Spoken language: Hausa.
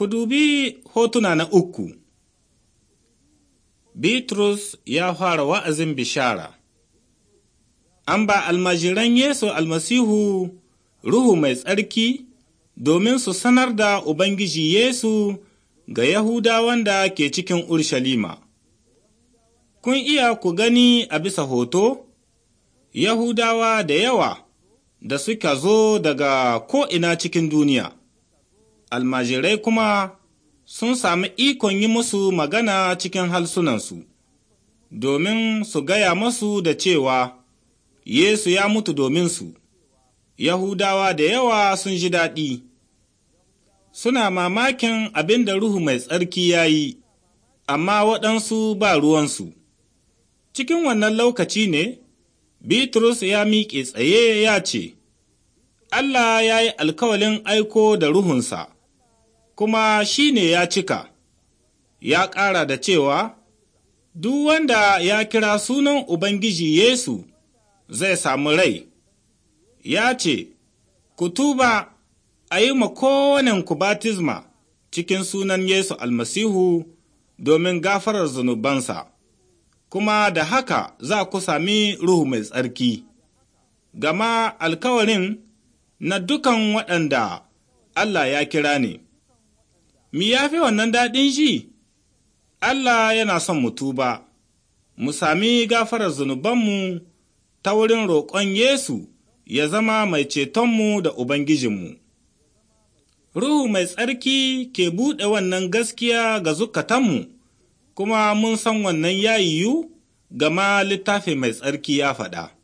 Ku dubi hotuna na uku. Bitrus ya fara wa'azin bishara. An ba almajiran Yesu almasihu Ruhu mai tsarki domin su sanar da Ubangiji Yesu ga Yahudawan da ke cikin Urshalima. Kun iya ku gani a bisa hoto, Yahudawa da yawa da suka zo daga ko'ina cikin duniya. almajirai kuma sun sami ikon yi musu magana cikin halsunansu, domin su gaya musu da cewa Yesu ya mutu domin su. Yahudawa da yawa sun ji daɗi, suna mamakin abin da Ruhu mai tsarki ya yi, amma waɗansu ba ruwansu. Cikin wannan lokaci ne, Bitrus ya miƙe tsaye ya ce, Allah ya yi alkawalin aiko da Ruhunsa. kuma shi ne ya cika, ya ƙara da cewa, Duk wanda ya kira sunan Ubangiji Yesu zai samu rai, ya ce, Ku tuba a yi ku batizma cikin sunan Yesu almasihu domin gafarar zunubansa, kuma da haka za ku sami Ruhu mai tsarki. Gama alkawarin na dukan waɗanda Allah ya kira ne. mi ya fi wannan daɗin shi? Allah yana son mu tuba, mu sami gafarar zunubanmu ta wurin roƙon Yesu ya zama mai cetonmu da Ubangijinmu. Ruhu mai tsarki ke buɗe wannan gaskiya ga zukatanmu, kuma mun san wannan ya yiwu gama littafi mai tsarki ya faɗa.